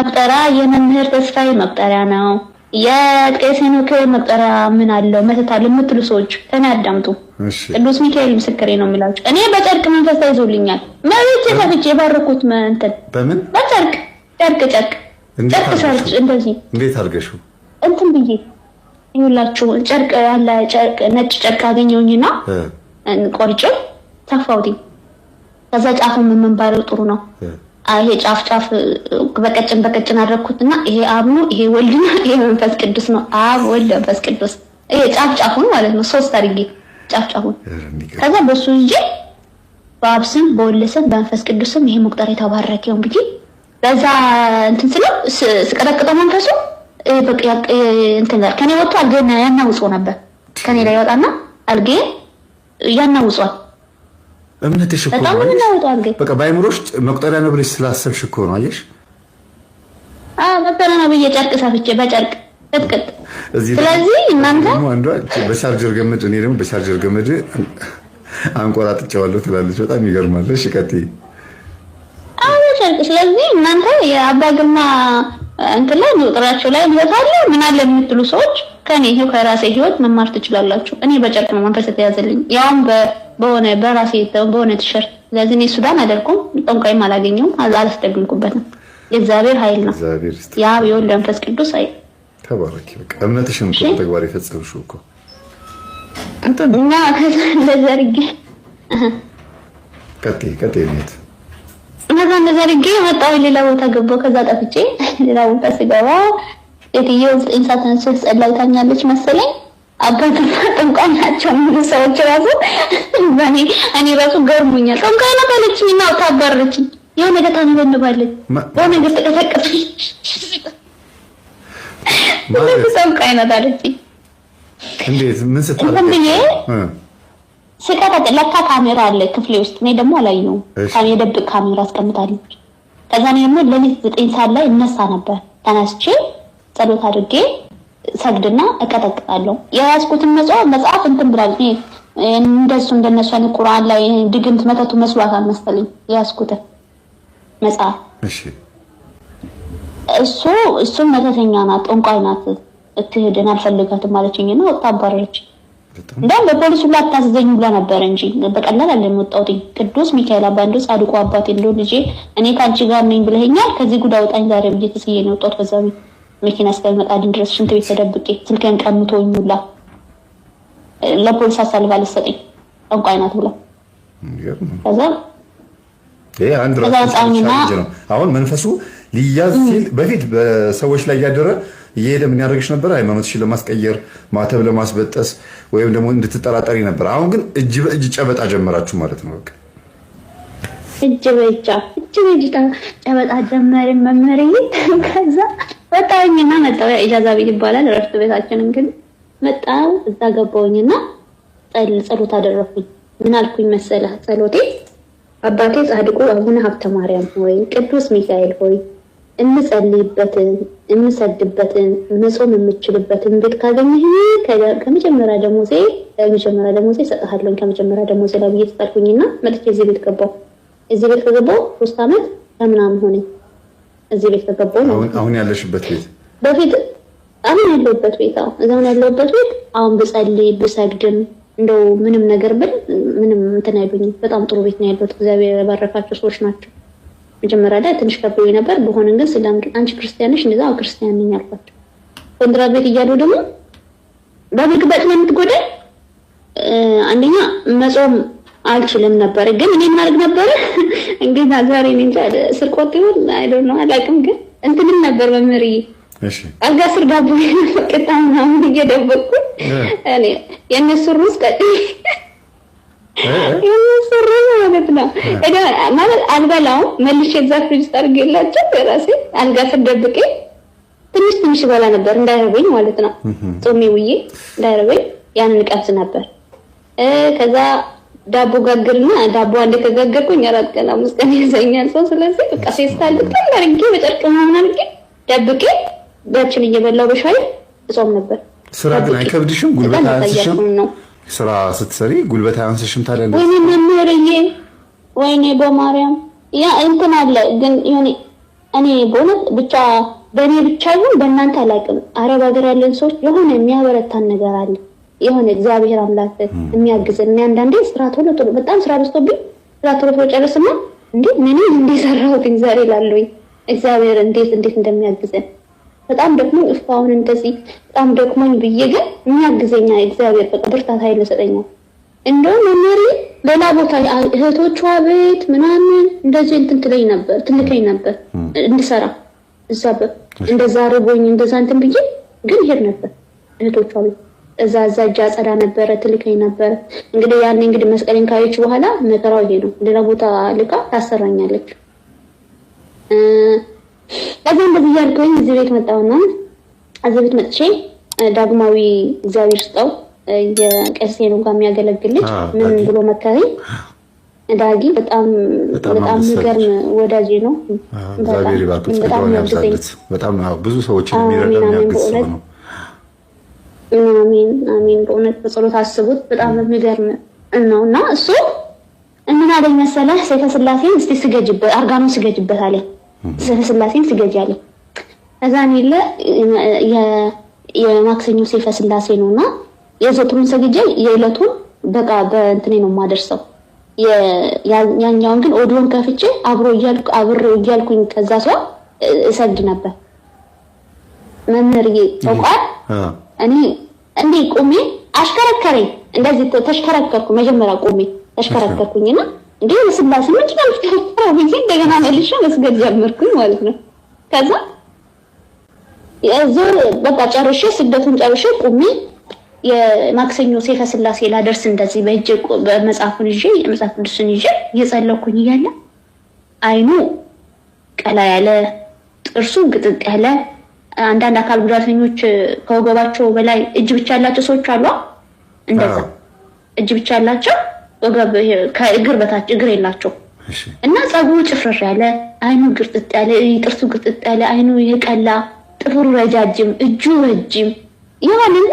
መቁጠሪያ የመምህር ተስፋዬ መቁጠሪያ ነው። የቄስ ሄኖክ መቁጠሪያ ምን አለው መተታል የምትሉ ሰዎች እኔ አዳምጡ። ቅዱስ ሚካኤል ምስክሬ ነው የሚላቸው። እኔ በጨርቅ መንፈስ ተይዞልኛል። መቤት ተፍቼ የባረኩት እንትን በምን በጨርቅ ጨርቅ ጨርቅ ጨርቅ ሰርች እንደዚህ እንዴት አድርገሽ እንትን ብዬ ይሁላችሁ ጨርቅ ያለ ጨርቅ ነጭ ጨርቅ አገኘውኝና ቆርጭ ተፋውቲ ከዛ ጫፉ የምንባለው ጥሩ ነው ይሄ ጫፍ ጫፍ በቀጭን በቀጭን እና ይሄ አብ ነው፣ ይሄ ወልድ ነው፣ ይሄ መንፈስ ቅዱስ ነው። አብ ወልድ፣ መንፈስ ቅዱስ ይሄ ጫፍ ጫፉን ማለት ነው። ሶስት አድርጌ ጫፍ ጫፉን ከዛ በሱ ይዤ በአብ ስም በወልድ ስም በመንፈስ ቅዱስም ይሄ መቁጠር የተባረከ ይሁን ብዬ በዛ እንትን ስለው ስቀጠቅጠው መንፈሱ እንትን ከኔ ወጥቶ አልጌን ያናውጾ ነበር። ከኔ ላይ ይወጣና አልጌን ያናውጿል። እምነትሽ እኮ ነው። በቃ በአይምሮሽ መቁጠሪያ ነው ብለሽ ስላሰብሽ እኮ ነው። አየሽ? አዎ መቁጠሪያ ነው ብዬ ጨርቅ ሰፍቼ በጨርቅ ቅጥቅጥ። ስለዚህ እናንተ አንዷ በቻርጀር ገመድ፣ እኔ ደግሞ በቻርጀር ገመድ አንቆራጥጫዋለሁ ትላለች። በጣም ይገርማል። እሺ ቀጥይ። ስለዚህ እናንተ የአባ ግርማ እንትን ላይ መቁጠሪያቸው ላይ ይወታለ አለ ምን አለ የምትሉ ሰዎች ከኔ ይኸው ከራሴ ህይወት መማር ትችላላችሁ። እኔ በጨርቅ ነው መንፈስ የተያዘልኝ ያውም በሆነ በራሴ በሆነ ቲሸርት። ስለዚህ እኔ ሱዳን አደርኩም ጠንቋይም አላገኘውም አላስደግምኩበትም። የእግዚአብሔር ኃይል ነው ያ የወልድ ቅዱስ አይ ተባረኪ። በቃ እምነትሽን እኮ የፈጸምሽው እኮ እና ከዛ አድርጌ ቤት ከዛ አድርጌ ሌላ ቦታ ገባሁ። ከዛ ጠፍቼ ሌላ ቦታ ስገባ ሴትየው ዘጠኝ ሰዓት ጸላይ ታኛለች መሰለኝ አባትና ጠንቋይ ናቸው የሚሉ ሰዎች ራሱ እኔ እኔ ራሱ ገርሞኛል። ጠንቋይ ናት አለችኝ እና ታባረችኝ። የሆነ ነገር ታንዘንባለች፣ የሆነ ነገር ተቀሰቀሰች። ጠንቋይ ናት አለችኝ። እንዴት ምን ስታብዬ ስቀጠቅ ለካ ካሜራ አለ ክፍሌ ውስጥ። እኔ ደግሞ አላየሁም። የደብቅ ካሜራ አስቀምጣለች። ከዛ እኔ ደግሞ ሌሊት ዘጠኝ ሰዓት ላይ እነሳ ነበር ተነስቼ ጸሎት አድርጌ ሰግድና እቀጠቅጣለሁ። የያዝኩትን መጽሐፍ መጽሐፍ እንትን ብላል እንደሱ እንደነሱ አይነት ቁርአን ላይ ድግምት መተቱ መስሏታል መሰለኝ የያዝኩትን መጽሐፍ እሱ እሱም መተተኛ ናት፣ ጠንቋይ ናት፣ እትሄድን አልፈልጋትም ማለችኝ እና ወጣ አባረረች። እንዲያውም በፖሊሱ ላይ አታዘዘኝ ብላ ነበር እንጂ በቀላል አለን ወጣውትኝ። ቅዱስ ሚካኤል አባ እንደው ጻድቁ አባቴ እንደው ልጄ እኔ ከአንቺ ጋር ነኝ ብለኸኛል፣ ከዚህ ጉድ አውጣኝ ዛሬ ብዬ ተስዬ ነው ወጣት በዛ ቤት መኪና እስከመጣድን ድረስ ሽንት ቤት ተደብቄ ስልከን ቀምቶኝ ሁላ ለፖሊስ አሳልፋ ልትሰጠኝ ጠንቋይ ናት ብላ ከዛ አሁን መንፈሱ ሊያዝ ሲል በፊት በሰዎች ላይ እያደረ እየሄደ ምን ያደረግሽ ነበር? ሃይማኖትሽን ለማስቀየር ማተብ ለማስበጠስ ወይም ደግሞ እንድትጠራጠሪ ነበር። አሁን ግን እጅ በእጅ ጨበጣ ጀመራችሁ ማለት ነው። በቃ እጅ በእጅ ጨበጣ ጀመርን መምህርዬ ከዛ ወጣሁኝና መጣሁ። ኢጃዛ ቤት ይባላል እረፍት ቤታችንን ግን መጣሁ። እዛ ገባሁኝና ጸሎት አደረኩኝ። ምን አልኩኝ መሰለህ ጸሎቴ አባቴ ጻድቁ አቡነ ሀብተ ማርያም ሆይ ቅዱስ ሚካኤል ሆይ እምጸልይበትን እምሰግድበትን መጾም የምችልበትን ቤት ካገኘህ ከመጀመሪያ ደሞዜ ከመጀመሪያ ደሞዜ እሰጥሃለሁ ከመጀመሪያ ደሞዜ ላይ ብዬ ተጠርኩኝና መጥቼ እዚህ ቤት ገባሁ። እዚህ ቤት ከገባሁ ሶስት ዓመት ከምናምን ሆነኝ። እዚህ ቤት ከገባሁ ነው። አሁን ያለሽበት ቤት በፊት አሁን ያለሁበት ቤት አሁን እዛሁን ያለሁበት ቤት አሁን ብጸልይ ብሰግድም እንደው ምንም ነገር ብል ምንም እንትን አይሉኝም። በጣም ጥሩ ቤት ነው ያለሁት። እግዚአብሔር የባረካቸው ሰዎች ናቸው። መጀመሪያ ላይ ትንሽ ከብሎ ነበር። በሆነ ግን ስለም አንቺ ክርስቲያንሽ ነሽ አሁ ክርስቲያን ነኝ አልኳቸው። ኮንትራት ቤት እያሉ ደግሞ በብርግበጥ ነው የምትጎዳይ። አንደኛ መጾም አልችልም ነበረ። ግን እኔ ማድረግ ነበረ እንግዲህ ዛሬ እኔ እንጃ ስርቆት ይሁን አይ ዶንት ኖ አላውቅም። ግን እንትንም ነበር መምህር አልጋ ስር ዳቦ ቅጣ ምናምን እየደበቅኩ እኔ የእነሱ ሩዝ ቀጥ የእነሱ ሩዝ ማለት ነው ማለት አልበላውም። መልሼ እዛ ፍሪጅ ውስጥ አድርጌላቸው የራሴ አልጋ ስር ደብቄ ትንሽ ትንሽ በላ ነበር እንዳይረበኝ ማለት ነው። ጾሜ ውዬ እንዳይረበኝ ያንን ቀምስ ነበር ከዛ ዳቦ ጋግርና ዳቦ አንድ ከጋገርኩኝ አራት ቀን አምስት ቀን ይዘኛል ሰው። ስለዚህ በቃ ፌስታል በጣም አድርጌ በጨርቅ ምናምን አድርጌ ደብቄ ያችን እየበላው በሻይ እጾም ነበር። ስራ ግን አይከብድሽም? ጉልበት አያንስሽም? ስራ ስትሰሪ ጉልበት አያንስሽም? ታዲያ ወይኔ መምህርዬ፣ ወይኔ በማርያም ያ እንትን አለ ግን ሆኔ እኔ በእውነት ብቻ በእኔ ብቻ ይሁን በእናንተ አላውቅም። አረብ ሀገር ያለን ሰዎች የሆነ የሚያበረታን ነገር አለ የሆነ እግዚአብሔር አምላክ የሚያግዝ እና አንዳንዴ ስራ ቶሎ ቶሎ በጣም ስራ በዝቶብኝ ስራ ቶሎ ቶሎ ጨረስማ እንዴ ምን እንደሰራሁትኝ ዛሬ ላለኝ እግዚአብሔር እንዴት እንዴት እንደሚያግዘን በጣም ደግሞ እስካሁን እንደዚህ በጣም ደክሞኝ ብዬ ግን የሚያግዘኛ እግዚአብሔር በቃ ብርታት ኃይል ሰጠኛል። እንደውም መመሪ ሌላ ቦታ እህቶቿ ቤት ምናምን እንደዚህ እንትን ትለኝ ነበር ትልከኝ ነበር እንድሰራ እዛ እንደዛ ርቦኝ እንደዛ እንትን ብዬ ግን ይሄድ ነበር እህቶቿ ቤት እዛ እዛጃ አጸዳ ነበረ ትልከኝ ነበረ። እንግዲህ ያኔ እንግዲህ መስቀሌን ካየች በኋላ መከራው ይሄ ነው። ሌላ ቦታ ልካ ታሰራኛለች። ከዚ እንደዚህ እያልኩኝ እዚህ ቤት መጣውና እዚህ ቤት መጥቼ ዳግማዊ እግዚአብሔር ስጠው የቀሴ ነው ጋር የሚያገለግል ልጅ ምን ብሎ መከረኝ። ዳጊ በጣም በጣም የሚገርም ወዳጅ ነው። በጣም ብዙ ሰዎች የሚረዳ የሚያግዝ ሰው ነው። አሜን አሜን። በእውነት በጸሎት አስቡት። በጣም የሚገርም ነው እና እሱ እምን አለኝ መሰለህ ሰይፈ ስላሴን እስቲ ስገጅበት አርጋኖ ስገጅበት አለ። ሰይፈ ስላሴን ስገጅ አለ። እዛ ኔለ የማክሰኞ ሴፈ ስላሴ ነው እና የዘወትሩን ሰግጄ የዕለቱን በቃ በእንትኔ ነው የማደርሰው። ያኛውን ግን ኦዲዮን ከፍቼ አብሮ አብሬ እያልኩኝ ከዛ ሰው እሰግድ ነበር። መምህርዬ ታውቋል እኔ እንዴ ቁሜ አሽከረከረኝ። እንደዚህ ተሽከረከርኩ። መጀመሪያ ቁሜ ተሽከረከርኩኝና እንዴ ለስላሴ ምን ይችላል ተሽከረከረ ብዬ እንደገና መልሼ መስገድ ጀመርኩኝ ማለት ነው። ከዛ የዞር በቃ ጨርሼ ስደቱን ጨርሼ ቁሜ የማክሰኞ ሴፈ ስላሴ ላደርስ እንደዚህ በእጅ በመጽሐፉን ይዤ የመጽሐፍ ቅዱስን ይዤ እየጸለኩኝ እያለ አይኑ ቀላ ያለ ጥርሱ ግጥጥ ያለ አንዳንድ አካል ጉዳተኞች ከወገባቸው በላይ እጅ ብቻ ያላቸው ሰዎች አሉ። እንደዛ እጅ ብቻ ያላቸው ወገብ ከእግር በታች እግር የላቸው እና ፀጉሩ ጭፍርር ያለ፣ አይኑ ግርጥጥ ያለ፣ ጥርሱ ግርጥጥ ያለ፣ አይኑ የቀላ፣ ጥፍሩ ረጃጅም፣ እጁ ረጅም ይሆንና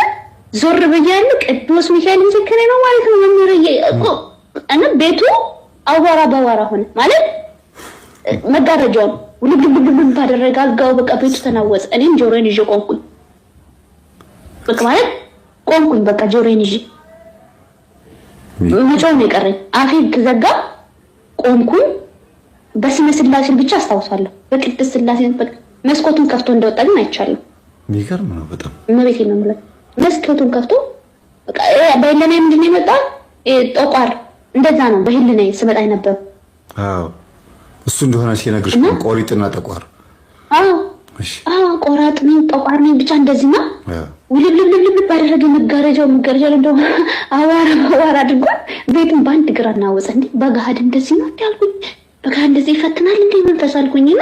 ዞር ብያለሁ። ቅዱስ ሚካኤል ምስክሬ ነው ማለት ነው። መምህር እና ቤቱ አዋራ በአዋራ ሆነ ማለት መጋረጃውን ነው ውልብልብልብ ባደረገ አልጋው በቃ ቤቱ ተናወጸ። እኔም ጆሮዬን ይዤ ቆምኩኝ። በቃ ማለት ቆምኩኝ። በቃ ጆሮዬን ይዤ መጮህ ነው የቀረኝ። አፌን ዘጋ፣ ቆምኩኝ። በስመ ስላሴን ብቻ አስታውሳለሁ። በቅድስት ስላሴ መስኮቱን ከፍቶ እንደወጣ ግን አይቻልም። የሚገርም ነው በጣም እመቤት የመምለት መስኮቱን ከፍቶ በህልናዬ ምንድን ነው የመጣ ጠቋር እንደዛ ነው። በህልናዬ ስመጣ ነበር እሱ እንደሆነ ሲነግርሽ ቆሪጥና ጠቋር ቆራጥ ነኝ ጠቋር ነኝ ብቻ እንደዚህ ነው። ውልብልብልብልብ አደረገ መጋረጃው መጋረጃ እንደሆነ አዋራ አዋራ አድርጓል። ቤቱን በአንድ ግራ እናወፀ። እንዲ በገሃድ እንደዚህ ነው ያልኩኝ። በገሃድ እንደዚህ ይፈትናል እንደ መንፈስ አልኩኝና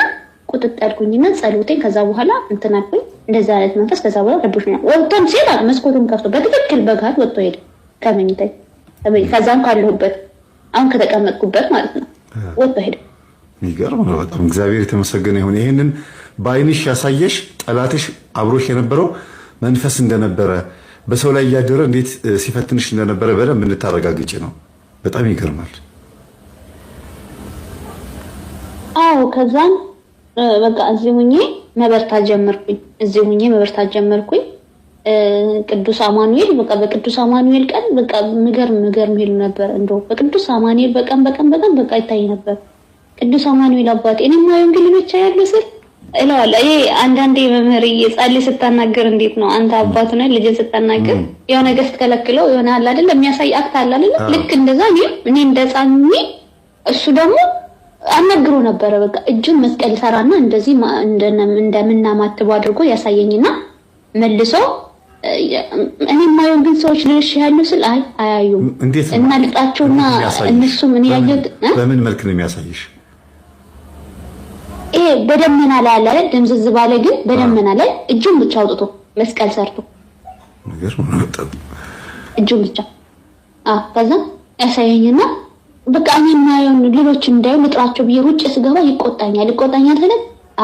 ቁጥጥ ያልኩኝና ጸሎቴን ከዛ በኋላ እንትን አልኩኝ። እንደዚ አይነት መንፈስ ከዛ በኋላ ረብሽ ነው ወጥቶም ሲል መስኮቱን ከፍቶ በትክክል በገሃድ ወጥቶ ሄደ ከመኝታኝ። ከዛም ካለሁበት አሁን ከተቀመጥኩበት ማለት ነው ወጥቶ ሄደ። የሚገርም ነው በጣም እግዚአብሔር የተመሰገነ ይሁን። ይህንን በአይንሽ ያሳየሽ ጠላትሽ አብሮሽ የነበረው መንፈስ እንደነበረ በሰው ላይ እያደረ እንዴት ሲፈትንሽ እንደነበረ በደንብ እንድታረጋግጭ ነው። በጣም ይገርማል። አዎ ከዛም በቃ እዚህ ሁኜ መበርታ ጀመርኩኝ። እዚህ ሁኜ መበርታ ጀመርኩኝ። ቅዱስ አማኑኤል በቃ በቅዱስ አማኑኤል ቀን በቃ ምገር ምገር ይሉ ነበር። እንደው በቅዱስ አማኑኤል በቀን በቀን በቀን በቃ ይታይ ነበር። ቅዱስ አማኑኤል አባቴ እኔ ማየው እንግዲህ ብቻ ያለው ስል እለዋለ ይ አንዳንዴ መምህር የጻሌ ስታናገር እንዴት ነው አንተ አባት ነ ልጅን ስታናገር የሆነ ነገር ስትከለክለው የሆነ አለ አደለ የሚያሳይ አክት አለ አይደል ልክ እንደዛ እኔም እኔ እንደ እሱ ደግሞ አናግሮ ነበረ። በቃ እጁን መስቀል ሰራና እንደዚህ እንደምናማትቦ አድርጎ ያሳየኝና መልሶ እኔ የማየው ግን ሰዎች ልልሽ ያሉ ስል አይ አያዩም እና ልጣቸውና እነሱም እኔ ያየሁት በምን መልክ ነው የሚያሳይሽ? ይሄ በደመና ላይ ያለ አይደል? ድምዝዝ ባለ ግን በደመና ላይ እጁን ብቻ አውጥቶ መስቀል ሰርቶ እጁን ብቻ ከዛ ያሳየኝና በቃ እኔ የማየውን ሌሎች እንዳዩ ልጥራቸው ብዬ ውጭ ስገባ ይቆጣኛል። ይቆጣኛል ስለ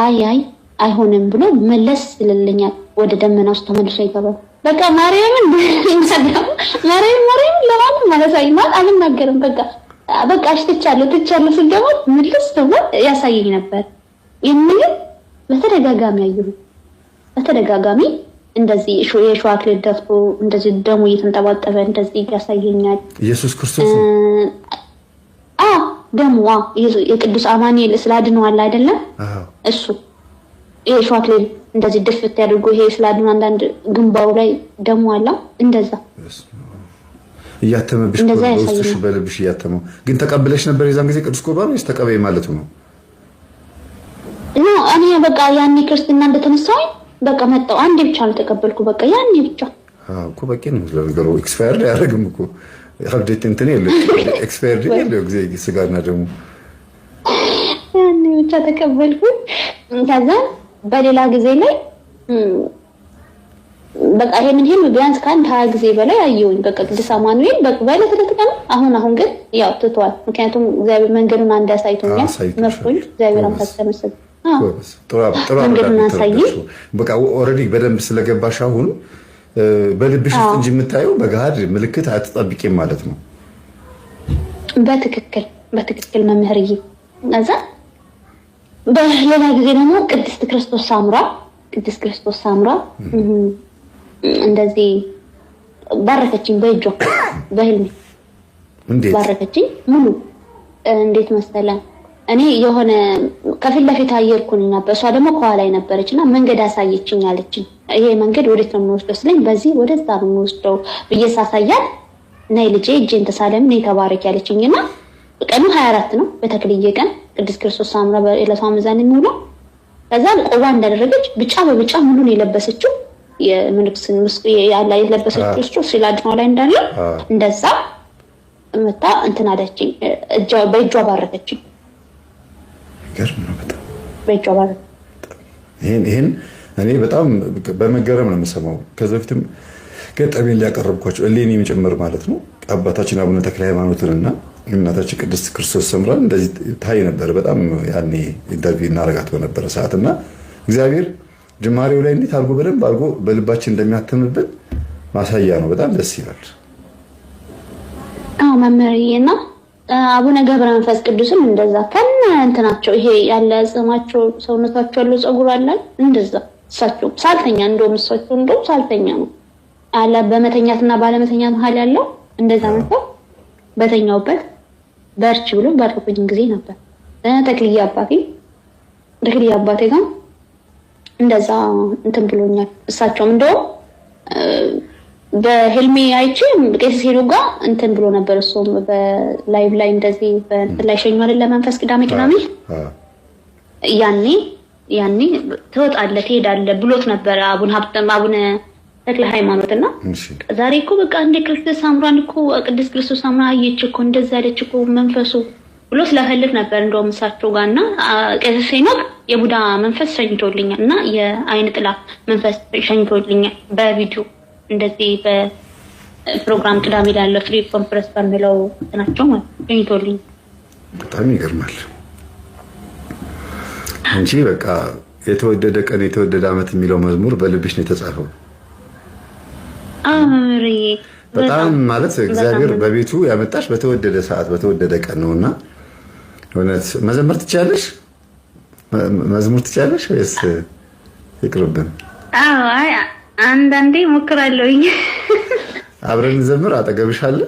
አይ አይ አይሆንም ብሎ መለስ ይልልኛል። ወደ ደመና ውስጥ ተመልሶ ይገባል። በቃ ማርያምን ማርያም ማርያም ለማንም አላሳይም ማለት አልናገርም። በቃ በቃ እሺ ትቻለሁ ስል ደግሞ ምልስ ተብሎ ያሳየኝ ነበር። የሚል በተደጋጋሚ አየሁ። በተደጋጋሚ እንደዚህ የሸዋ አክሊል ደፍቶ እንደዚህ ደሙ እየተንጠባጠበ እንደዚህ ያሳየኛል። ኢየሱስ ክርስቶስ ደሙ የቅዱስ አማኑኤል ስላድነዋል አይደለም እሱ የሸዋ አክሊል እንደዚህ ድፍት ያድርጎ ይሄ ስላድን አንዳንድ ግንባሩ ላይ ደሞ አላ እንደዛ እያተመብሽ በልብሽ እያተመው ግን ተቀብለሽ ነበር የዛን ጊዜ ቅዱስ ቁርባን ወይስ ተቀበይ ማለቱ ነው? ኖ እኔ በቃ ያኔ ክርስትና እንደተነሳሁኝ በቃ መጣሁ። አንዴ ብቻ አልተቀበልኩ በቃ ያኔ ብቻ እኮ በቂ ነው። ለነገሩ ኤክስፓየርድ አያደርግም እኮ አብዴት እንትን የለ ኤክስፓየርድ የለው ጊዜ ስጋና ደግሞ ያኔ ብቻ ተቀበልኩ። ከዛ በሌላ ጊዜ ላይ በቃ ይሄንን ህልም ቢያንስ ከአንድ ሀያ ጊዜ በላይ አየሁኝ። በቃ ቅዱስ አማኑኤል በዕለት ዕለት ቀን አሁን አሁን ግን ያው ትቷል። ምክንያቱም እግዚአብሔር መንገዱን አንድ አሳይቶኛል። መፍቶኝ እግዚአብሔር አምላክ ተመሰገነ። ኦልሬዲ በደንብ ስለገባሽ አሁን በልብሽ ውስጥ እንጂ የምታየው በገሃድ ምልክት አትጠብቂም ማለት ነው። በትክክል በትክክል መምህርዬ። በሌላ ጊዜ ደግሞ ቅድስት ክርስቶስ ሳምራ ቅድስት ክርስቶስ እንደዚህ ባረከችኝ፣ በእጇ በህልሜ ባረከችኝ። ሙሉ እንዴት መሰለን እኔ የሆነ ከፊት ለፊት አየርኩን እና በእሷ ደግሞ ከኋላ ነበረች እና መንገድ አሳየችኝ አለችኝ። ይሄ መንገድ ወዴት ነው የምወስደው ስለኝ በዚህ ወደዛ ነው የምወስደው ብዬ ሳሳያት ናይ ልጄ እጄን ተሳለም ነ ተባረክ ያለችኝ እና ቀኑ ሀያ አራት ነው በተክልየ ቀን ቅዱስ ክርስቶስ ሳምረ በዕለቷ መዛን የሚውለው ከዛ ቆባ እንዳደረገች ብጫ በብጫ ሙሉን የለበሰችው የምንክስን የለበሰችው ክርስቶስ ሲላድነው ላይ እንዳለው እንደዛ መታ እንትን አለችኝ በእጇ ባረከችኝ። ገርም ነው በጣም ይህን እኔ በጣም በመገረም ነው የምሰማው። ከዚ በፊትም ገጠሜን ሊያቀርብኳቸው እሌኒም ጭምር ማለት ነው አባታችን አቡነ ተክለ ሃይማኖትንና እናታችን ቅድስት ክርስቶስ ሰምራን እንደዚህ ታይ ነበር። በጣም ያኔ ኢንተርቪው እናረጋት በነበረ ሰዓት እና እግዚአብሔር ጅማሬው ላይ እንዴት አድርጎ በደንብ አድርጎ በልባችን እንደሚያትምብን ማሳያ ነው። በጣም ደስ ይላል መምህርዬ ነው አቡነ ገብረ መንፈስ ቅዱስም እንደዛ ከነ እንትናቸው ይሄ ያለ ጽማቸው ሰውነታቸው ያለው ፀጉር አለ እንደዛ እሳቸው ሳልተኛ እንደውም እሳቸው እንደውም ሳልተኛ ነው አለ በመተኛትና ባለመተኛ መሀል ያለው እንደዛ መንፈስ በተኛውበት በርች ብሎ ባረኩኝ ጊዜ ነበር። ተክልዬ አባቴ ተክልዬ አባቴ ጋር እንደዛ እንትን ብሎኛል። እሳቸውም እንደውም በህልሜ አይቼ ቄስ ሄዶ ጋር እንትን ብሎ ነበር። እሱም በላይቭ ላይ እንደዚህ በእንትን ላይ ሸኙ አይደለ ለመንፈስ ቅዳሜ ቅዳሜ ያኔ ያኔ ትወጣለህ ትሄዳለህ ብሎት ነበረ አቡነ ሀብተም አቡነ ተክለ ሃይማኖት እና ዛሬ እኮ በቃ እንደ ክርስቶስ ሳምራን እኮ ቅድስት ክርስቶስ ሳምራ አየች እኮ እንደዚ ያለች እኮ መንፈሱ ብሎ ስለፈልግ ነበር እንደ እሳቸው ጋር እና ቄስ ሄኖክ የቡዳ መንፈስ ሸኝቶልኛል እና የአይን ጥላ መንፈስ ሸኝቶልኛል በቪዲዮ እንደዚህ በፕሮግራም ቅዳሜ ላለ ፍሪ ኮንፍረንስ በሚለው ናቸው ማለት ገኝቶልኝ በጣም ይገርማል። እንጂ በቃ የተወደደ ቀን የተወደደ ዓመት የሚለው መዝሙር በልብሽ ነው የተጻፈው። በጣም ማለት እግዚአብሔር በቤቱ ያመጣሽ በተወደደ ሰዓት በተወደደ ቀን ነው እና እውነት መዘመር ትችያለሽ፣ መዝሙር ትችያለሽ ወይስ ይቅርብን? አንዳንዴ ሞክራለሁኝ። አብረን ዘምር። አጠገብሻለ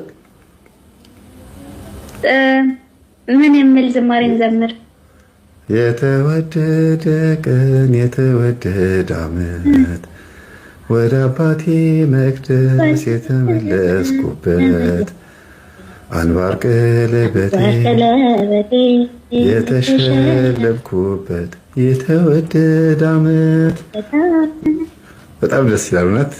ምን የምል ዝማሬን ዘምር። የተወደደ ቀን የተወደደ አመት ወደ አባቴ መቅደስ የተመለስኩበት አንባር ቀለበቴ የተሸለምኩበት የተወደደ አመት بتقابل السيارونات